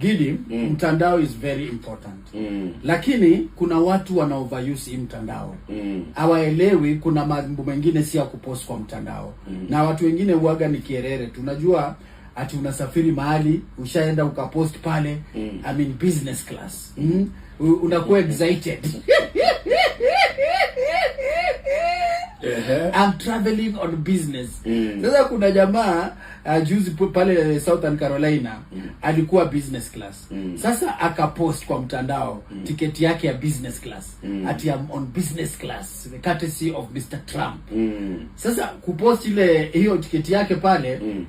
Gidi, mm. mtandao is very important mm. lakini kuna watu wana overuse mtandao mm. kuna mambo mengine si ya kupost kwa mtandao mm. na watu wengine huaga ni kierere, tunajua ati unasafiri mahali ushaenda ukapost pale mm. I mean business class mm. mm. unakuwa excited uh -huh. I'm traveling on business mm. Sasa kuna jamaa uh, juzi pale Southern Carolina mm. alikuwa business class mm. Sasa akapost kwa mtandao mm. tiketi yake ya business class mm. ati I'm on business class the courtesy of Mr Trump mm. Sasa kupost ile hiyo tiketi yake pale mm.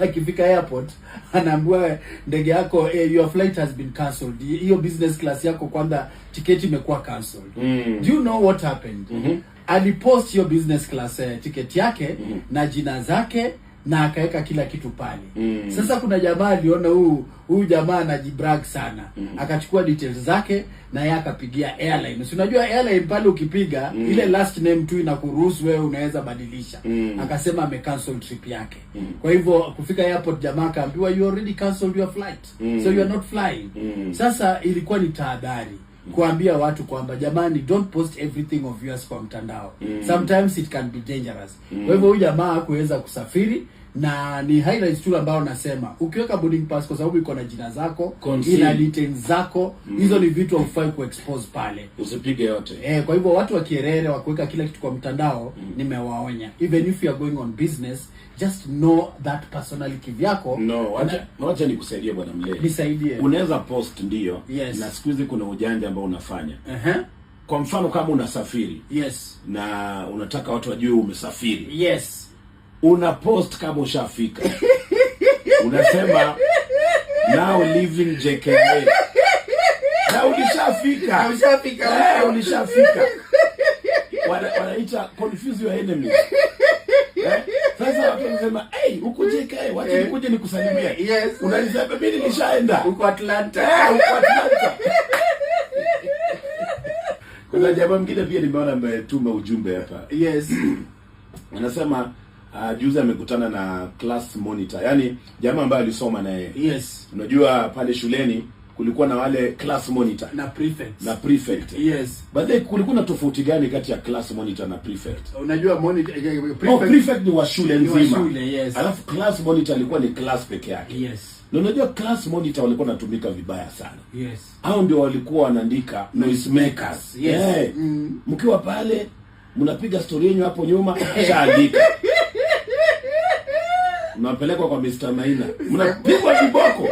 Akifika airport anaambiwa ndege yako eh, your flight has been cancelled. Hiyo business class yako kwanza tiketi imekuwa cancelled. Mm. Do you know what happened? Mm -hmm alipost hiyo business class eh, ticket yake mm. na jina zake na akaweka kila kitu pale mm. Sasa kuna jamaa aliona huu huyu jamaa anajibrag sana mm. akachukua details zake na yeye akapigia airline. Si unajua airline pale ukipiga mm. ile last name tu inakuruhusu wewe unaweza badilisha mm. akasema ame cancel trip yake mm. kwa hivyo kufika airport jamaa akaambiwa you already cancelled your flight mm. so you are not flying mm. Sasa ilikuwa ni tahadhari mm kuambia watu kwamba jamani, don't post everything of yours kwa mtandao. Mm. Sometimes it can be dangerous. Kwa mm. hivyo huyu jamaa hakuweza kusafiri na ni highlights tu ambayo nasema ukiweka boarding pass, kwa sababu iko na jina zako, ina details zako mm. hizo, mm. ni vitu haufai ku expose pale, usipige yote eh. Kwa hivyo watu wa Kierere wakuweka kila kitu kwa mtandao mm. nimewaonya, even if you are going on business just know that personally yako No, wacha na, wacha nikusaidie bwana mlee, nisaidie. Unaweza post ndio, yes. na siku hizi kuna ujanja ambao unafanya uh -huh. Kwa mfano kama unasafiri yes, na unataka watu wajue umesafiri yes una post kama ushafika, unasema now living JKA na ulishafika, ulishafika, eh, ulishafika. Wanaita confuse your enemies. Eh, sasa watu wanasema hey, huko JKA wacha nikuje nikusalimia. Yes. Unanisema mimi nilishaenda huko Atlanta, eh, huko Atlanta. Kuna jamaa mwingine pia nimeona ametuma ujumbe hapa. Yes. Anasema uh, juzi amekutana na class monitor, yaani jamaa ambaye alisoma naye. Yes, unajua pale shuleni kulikuwa na wale class monitor na prefect na prefect. Yes, but then kulikuwa na tofauti gani kati ya class monitor na prefect? Unajua monitor eh, eh, prefect, no, prefect ni wa shule nzima wa shule, yes. Alafu class monitor alikuwa ni class peke yake. Yes. Na unajua class monitor walikuwa wanatumika vibaya sana. Yes. Hao ndio walikuwa wanaandika noise makers. Yes. Eh. Mm. Mkiwa mm. pale mnapiga story yenu hapo nyuma shaandika mnapelekwa kwa Mr. Maina, mnapigwa kiboko